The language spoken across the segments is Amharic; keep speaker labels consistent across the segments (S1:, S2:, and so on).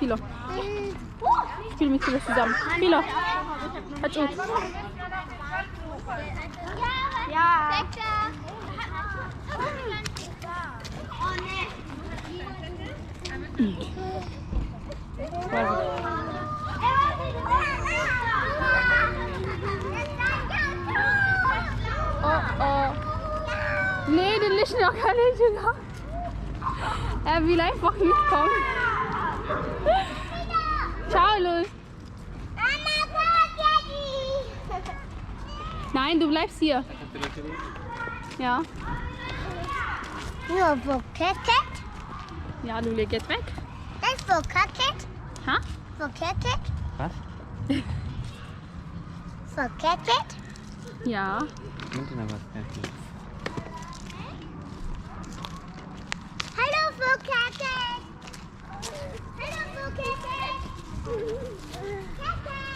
S1: mit Ich spiele mit Philo zusammen. Philo, hör zu.
S2: Ja. Mhm.
S1: Oh, oh. Nee, den Lichtner kann ich nicht. Er will einfach nicht kommen. Ciao, Luz. Nein, du bleibst hier. Ja.
S2: Nur wo Kettet?
S1: Ja, Lule geht weg.
S2: Das wo Kettet? Ha? Wo Kettet? Was? Wo Kettet?
S1: Ja. Ich was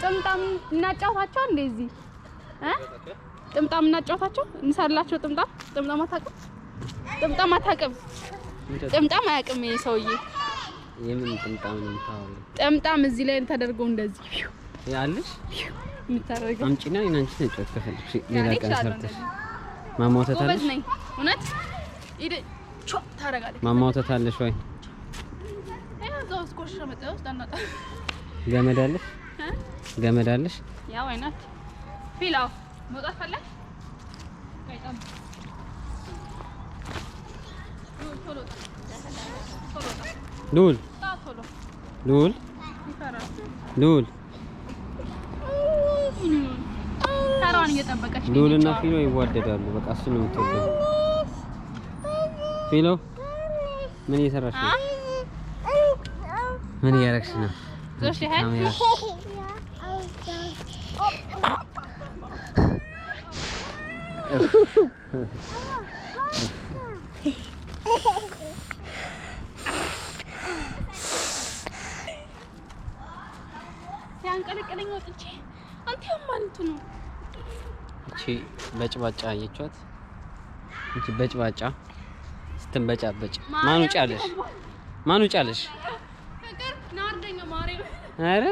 S1: ጥምጣም እናጫውታቸው እንደዚህ ጥምጣም እናጫውታቸው እንሳላቸው። ጥምጣም ጥምጣም አታውቅም፣ ጥምጣም አታውቅም፣ ጥምጣም አያውቅም ይሄ ሰውዬ።
S3: የምን ጥምጣም ነው የምታወሪው?
S1: ጥምጣም እዚህ ላይ ተደርጎ እንደዚህ
S3: ያለሽ የምታደርገው አምጪና እናንቺ ተጫወት ከፈለግሽ ሌላ ቀን ሰርተሽ ማማውተታለሽ።
S1: እውነት ይደ ቾ ታደርጋለሽ።
S3: ማማውተታለሽ ወይ
S1: እዛው እስኮሽ ነው መጣው ስታናጣ
S3: ገመድ አለሽ? ገመድ አለሽ?
S1: ያው አይናት ፊላው መውጣት ፈለሽ?
S3: ሉል ሉል ሉል ሉል እና ፊሎ ይዋደዳሉ። በቃ እሱ ነው የምትወደው። ፊሎ ምን እየሰራሽ ነው? ምን እያደረግሽ ነው? Zo się happy? ያንቀለቀለኝ ወጥቼ አንተ ማንቱ ነው። እቺ በጭባጫ አየቻት። እቺ በጭባጫ ስትንበጫበጭ ማኑ ጫለሽ፣ ማኑ ጫለሽ አረ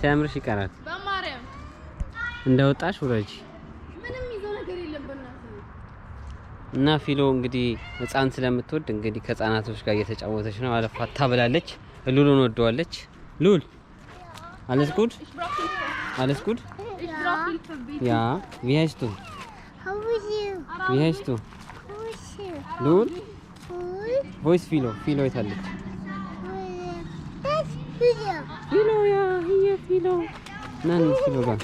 S3: ሲያምርሽ ይቀራል። በማርያም እንደወጣሽ ውረጂ።
S1: ምንም ይዞ ነገር የለም።
S3: እና ፊሎ እንግዲህ ህፃን ስለምትወድ እንግዲህ ከህፃናቶች ጋር እየተጫወተች ነው። አለፋታ ብላለች። ሉሉን ወደዋለች። ሉል አለስ ጉድ አለስ ጉድ ያ ቪሃይስቱ ቪሃይስቱ ሉል ቮይስ ፊሎ ፊሎ የታለች?
S2: Filo
S1: ya, hier Filo.
S3: Nein, nicht Filo, dann.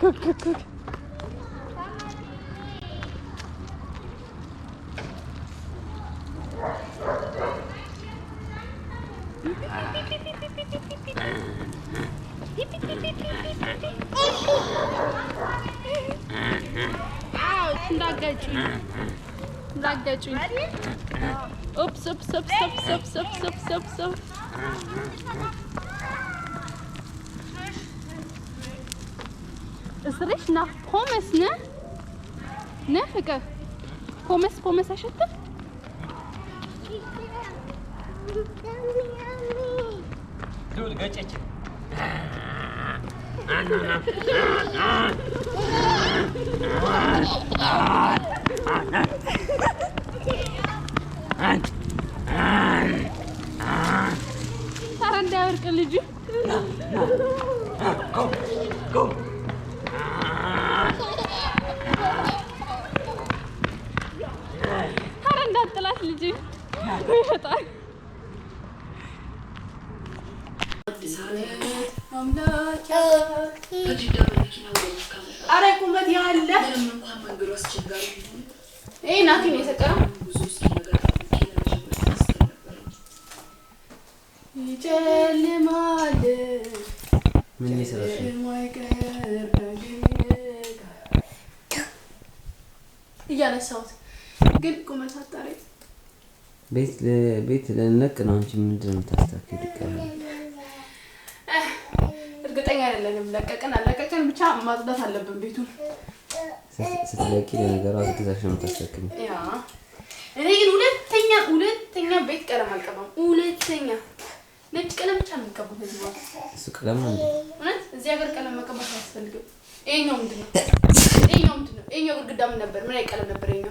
S3: Guck,
S1: stop, stop, stop, stop, stop, stop. Es riecht nach Pommes, ne? Ne, Ficker? Pommes, Pommes, hast du das?
S3: Du, du gehst jetzt. Ah!
S1: አለ። ምንም እንኳን መንገዱ አስቸጋሪ ይሄ የሰጠነው ይጨልማል እያነሳሁት ግን ቁመት አጣሪ
S3: ቤት ለነቅ ነው እንጂ ምንድን ነው የምታስተካክል ይቀራል
S1: ላይ አይደለንም። ለቀቀን አለቀቀን ብቻ ማጽዳት አለብን ቤቱን።
S3: ስትለቂ ለነገሩ ነው የምታስለቅም።
S1: እኔ ግን ሁለተኛ ሁለተኛ ቤት ቀለም አልቀባም። ሁለተኛ ነጭ ቀለም ብቻ
S3: እሱ ቀለም አለ
S1: እዚህ ሀገር ቀለም መቀባት አያስፈልግም። ይሄኛው ምንድን ነው? ይሄኛው ምንድን ነው? ይሄኛው ግድግዳ ምን ነበር? ምን ነበር ይሄኛው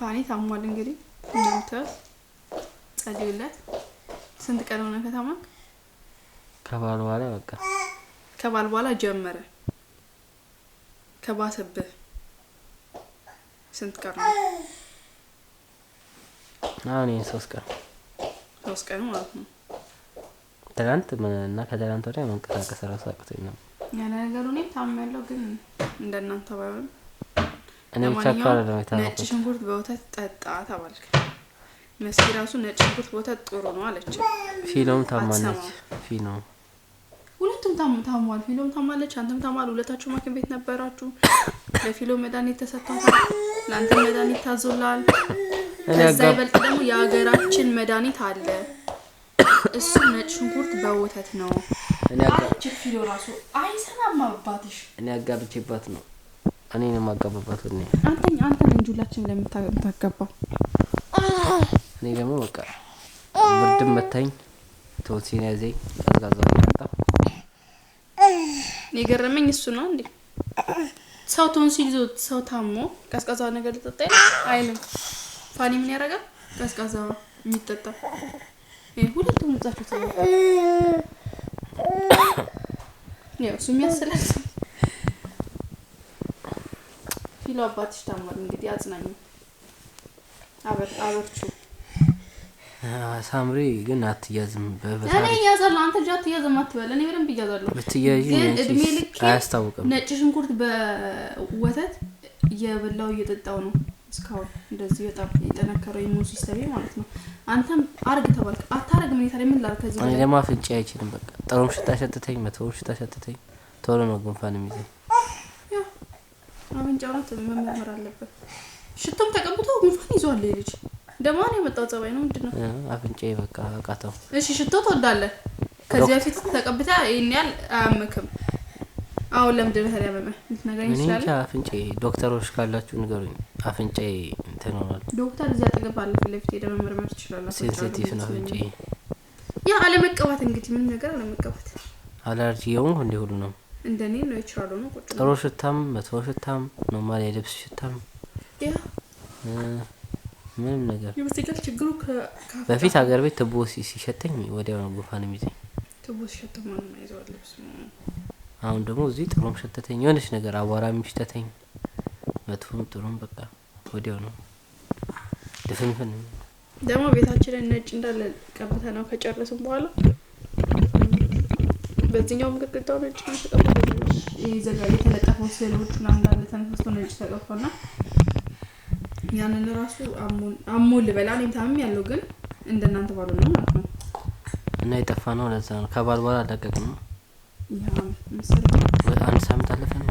S1: ፋኒ ታሟል እንግዲህ እንደምታዩት፣ ጸልዩለት። ስንት ቀን ሆነ ከታማክ?
S3: ከባል በኋላ በቃ
S1: ከባል በኋላ ጀመረ ከባሰብህ ስንት ቀን ነው?
S3: አሁን ሶስት ቀን
S1: ሶስት ቀን ማለት ነው።
S3: ትናንት እና ከትናንት ወዲያ መንቀሳቀስ ራሱ አቅቶኝ ነበር።
S1: ያለ ነገሩ እኔም ታምሜያለሁ፣ ግን እንደናንተ ባይሆንም እኔ ብቻ ነጭ ሽንኩርት በወተት ጠጣ ተባልክ። መስኪ ራሱ ነጭ ሽንኩርት በወተት ጥሩ ነው አለች።
S3: ፊሎም ታማለች። ፊኖ
S1: ሁለቱም ታሟል። ፊሎም ታማለች፣ አንተም ታማል። ሁለታችሁ ማክን ቤት ነበራችሁ። ለፊሎ መድኃኒት ተሰጥቷታል፣ ለአንተ መድኃኒት ታዞላል። ከዛ ይበልጥ ደግሞ የሀገራችን መድኃኒት አለ። እሱ ነጭ ሽንኩርት በወተት ነው እኔ
S3: አጋብቼባት ነው። እኔ ነው የማጋባባት።
S1: አንተን አንተን እንጂ ሁላችን ለምታገባው
S3: እኔ ደግሞ በቃ ብርድም መታኝ፣ ቶንሲን ያዘኝ፣ ቀዝቃዛ መጣ።
S1: የገረመኝ እሱ ነው እንዴ ሰው ቶንሲል ይዞት ሰው ታሞ ቀዝቃዛ ነገር ሊጠጣ አይልም። ፋኒ ምን ያደርጋል? ቀዝቃዛ የሚጠጣ ሁለቱም ጻፉት ያው እሱ የሚያስላስ ፊሎ አባትሽ ታሟል። እንግዲህ አጽናኝ አበርቹ።
S3: ሳምሪ ግን አትያዝም።
S1: በእኔ እያዛለሁ። አንተ ልጅ አትያዝም አትበል። እኔ በደንብ እያዛለሁ። ብትያዥ እድሜ ልክ አያስታውቅም። ነጭ ሽንኩርት በወተት እየበላው እየጠጣው ነው እስካሁን እንደዚህ በጣም የጠነከረው ኢሙን ሲስተሜ ማለት ነው። አንተም አርግ ተባልክ አታረግ ሁኔታ ላይ ምን ላል
S3: እኔ ደግሞ አፍንጫ አይችልም። በቃ ጥሩም ሽታ ሸትተኝ፣ መጥፎም ሽታ ሸትተኝ፣ ቶሎ ነው ጉንፋን የሚይዘኝ።
S1: አፍንጫው ናት መመርመር አለበት። ሽቶም ተቀብቶ ጉንፋን ይዟል ልጅ ደግሞ ነው የመጣው ጸባይ ነው ምንድን ነው
S3: አፍንጫ በቃ ቃተው።
S1: እሺ ሽቶ ትወዳለህ? ከዚህ በፊት ተቀብታ ይህን ያህል አያምክም አሁን ለምንድን ነው ታዲያ ያመመህ? ልትነግረኝ
S3: ትችላለህ? እኔ አፍንጬ ዶክተሮች ካላችሁ ንገሩኝ። አፍንጬ እንትን
S1: ዶክተር እዚያ አጠገብ አለ፣ ፊት ለፊት ሄደህ መመርመር ትችላለህ።
S3: ሴንሲቲቭ ነው አፍንጬ።
S1: ያ አለመቀባት እንግዲህ ምንም ነገር አለመቀባት።
S3: አለርጂ የሆን እንደ ሁሉ ነው።
S1: እንደኔ ነው ይችላሉ ነው። ቁጭ
S3: ጥሩ ሽታም መጥፎ ሽታም ኖርማል የልብስ ሽታም ምንም ነገር
S1: የመስተጋር ችግሩ
S3: በፊት ሀገር ቤት ትቦ ሲሸተኝ ወዲያው ነው ጉንፋን የሚይዘኝ።
S1: ትቦ ሲሸተኝ ማንም አይዘዋል ልብስ
S3: አሁን ደግሞ እዚህ ጥሩም ሸተተኝ፣ የሆነች ነገር አቧራ የሚሽተተኝ መጥፎም ጥሩም በቃ ወዲያው ነው ድፍንፍን።
S1: ደግሞ ቤታችንን ነጭ እንዳለ ቀብተ ነው ከጨረስም በኋላ በዚህኛውም ግድግዳው ነጭ ነው ተቀብተው ይዘጋ የተለጠፈው ስዕሎች ና እንዳለ ተነሳስቶ ነጭ ተቀብቶና ያንን ራሱ አሞ ልበላ እኔም ታምም ያለው ግን እንደናንተ ባሉ ነው ማለት ነው።
S3: እና የጠፋ ነው ለዛ ነው ከባልባል አላቀቅ ነው አንድ ሳምንት አለፈ ነው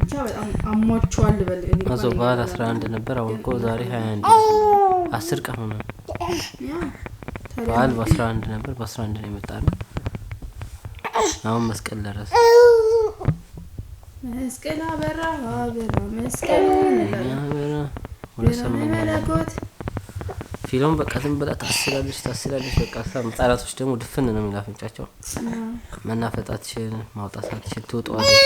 S3: ብቻ በጣም አሟቸዋል። አዞ በዓል አስራ አንድ ነበር። አሁን እኮ ዛሬ ሀያ አንድ አስር ቀን ሆነ። በዓል በአስራ አንድ ነበር። በአስራ አንድ ነው የመጣ ነው። አሁን መስቀል ደረሰ። መስቀል አበራ አበራ መስቀል ሁለት ሰማንያ ፊልም በቃ ዝም ብላ ታስላለች ታስላለች። በቃ ህጻናቶች ደግሞ ድፍን ነው የሚል አፍንጫቸው መናፈጥ ትውጠዋለች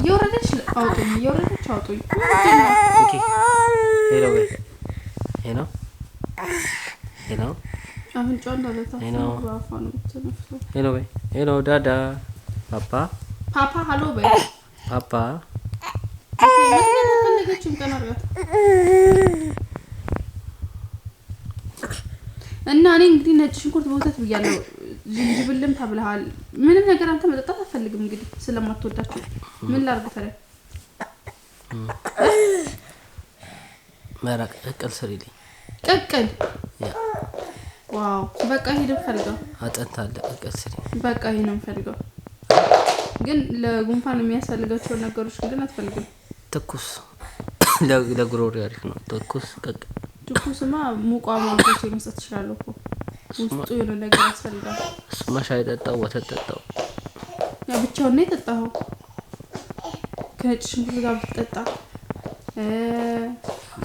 S3: እየወረደች አውጡኝ፣ እየወረደች አውጡኝ። ሄሎ ሄሎ ሄሎ ሄሎ ዳዳ ፓፓ ፓፓ ሀሎ በይ ፓፓ እና እኔ እንግዲህ ነጭ ሽንኩርት በወተት ብያለሁ። ዝንጅብልም ተብለሃል። ምንም ነገር አንተ መጠጣት አትፈልግም እንግዲህ ስለማትወዳቸው ምን ላርግ ፈለ መረቅ ቅቅል ስሪልኝ። ቅቅል ዋው፣ በቃ ይሄ ነው የምፈልገው። አጥንት ቅቅል ስሪ። በቃ ይሄ ነው የምፈልገው። ግን ለጉንፋን የሚያስፈልጋቸውን ነገሮች ግን አትፈልግም። ትኩስ ለጉሮሪ አሪፍ ነው። ትኩስ ትኩስማ ሙቋ ማቶች የመስጠት ይችላል እኮ ውስጡ የሆነ ነገር ያስፈልጋል። እሱማ ሻይ ጠጣው፣ ወተት ጠጣው። ያ ብቻውን ነው የጠጣኸው። ከነጭ ሽንኩርት ጋር ብትጠጣ፣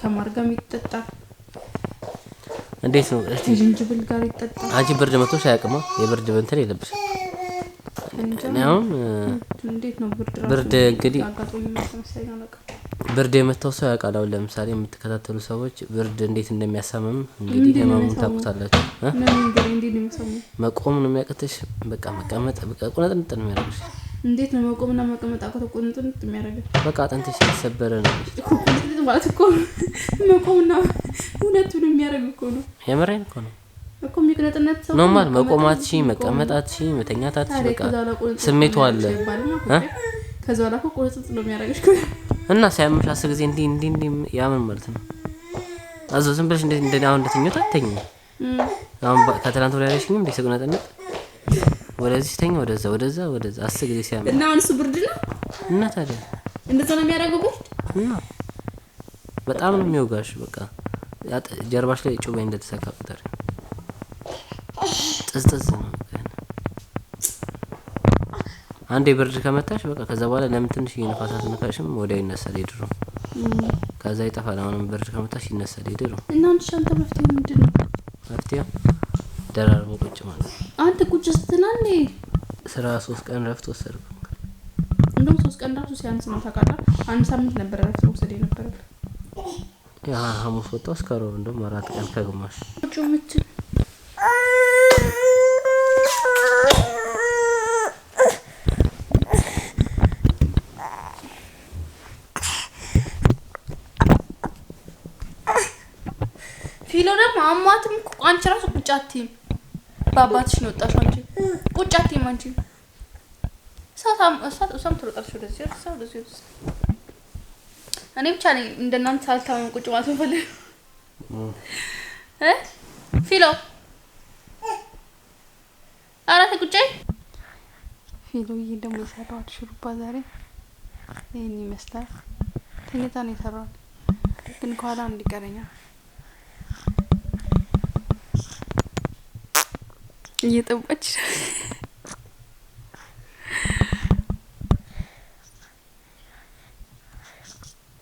S3: ከማር ጋር የሚጠጣ እንዴት ነው? እስቲ ከጅንጅብል ጋር ይጠጣ። አንቺ ብርድ መቶ አያውቅማ። የብርድ እንትን የለብሽም ብርድ እንግዲህ ብርድ የመታው ሰው ያውቃል። አሁን ለምሳሌ የምትከታተሉ ሰዎች ብርድ እንዴት እንደሚያሳምም እንግዲህ ህመሙን ታውቁታላችሁ። መቆም ነው የሚያቅትሽ፣ በቃ መቀመጥ፣ በቃ ቁነጥንጥ ነው የሚያደርግሽ። እንዴት ነው መቆምና መቀመጥ አቅቶ ቁንጥንጥ የሚያደርገው? በቃ አጥንትሽ የተሰበረ ነው ማለት እኮ ነው። መቆምና ሁለቱን የሚያደርግ እኮ ነው። የምሬን እኮ ነው። እኮ የሚቅነጥነት ሰው ኖርማል መቆማትሽ፣ መቀመጣትሽ፣ መተኛታትሽ በቃ ስሜቱ አለ። ከዛ ኋላ ቁርጥጥ ነው የሚያደርግሽ እና ሲያምሽ አስር ጊዜ እንዲህ እንዲህ እንዲህ ያምን ማለት ነው። አዞ ዝም ብለሽ እንደ አሁን እንደተኛሁት አትተኝም። አሁን ከትናንት ወዲያ ያለሽኝ እንደ ስቅነጥነት ወደዚህ ተኛ፣ ወደዛ፣ ወደዛ፣ ወደዛ አስር ጊዜ ሲያምን እና አሁን እሱ ብርድ ነው እና ታዲያ እንደዛ ነው የሚያደርገው ብርድ እና በጣም ነው የሚወጋሽ። በቃ ጀርባሽ ላይ ጩቤ እንደተሰካበት ጥዝጥዝ አንዴ ብርድ ከመታሽ በቃ ከዛ በኋላ ለምን ትንሽ የንፋስ ነካሽም ወዲያ ይነሳል ይድሩ ከዛ ይጠፋል። አሁንም ብርድ ከመታሽ ይነሳል ይድሩ እና አንተ ሻንተ መፍትሄ ምንድን ነው? መፍትሄ ደራርቦ ቁጭ ማለት አንተ ቁጭ ስትናኔ ስራ ሶስት ቀን ረፍት ወሰድኩ። እንደውም ሶስት ቀን ራሱ ሲያንስ ነው ታውቃለህ። አንድ ሳምንት ነበር ረፍት መውሰድ የነበረብህ ሐሙስ ወጣሁ እስከ ሮብ እንደውም አራት ቀን ከግማሽ ቁጭ ምትል አሟትም አንቺ ራሱ ቁጭ አትይም። በአባትሽ ነው ወጣሽ አንቺ ቁጭ አትይም። አንቺ እሷም ትሮጣለች ወደዚህ ወደዚህ። እኔ ብቻ ነኝ እንደናንተ ሳልታመም ቁጭ ማለት ፈልግ ፊሎ አራት ቁጭ ፊሎዬ ደግሞ የሰራዋት ሹሩባ ዛሬ ይህን ይመስላል። ተኝታ ነው የሰራዋት ግን ከኋላ እንዲቀረኛል እየጠባች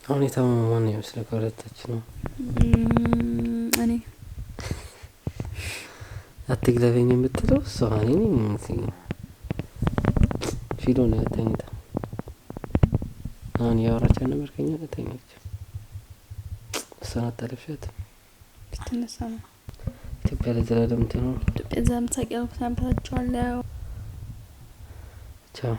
S3: አሁን የታመማን ይመስለ ከሁለታች ነው። እኔ አትግለበኝ የምትለው እሷ እኔ ፊሎ ነው ተኝታ አሁን ያወራቻ ነበር ከኛ ተኛች። እሷን አታለብሻት ትነሳ ነው ኢትዮጵያ ለዘላለም ትኖር። ኢትዮጵያ ዘላለም ትሳቅ። ያልኩት ነበራቸዋለሁ። ቻው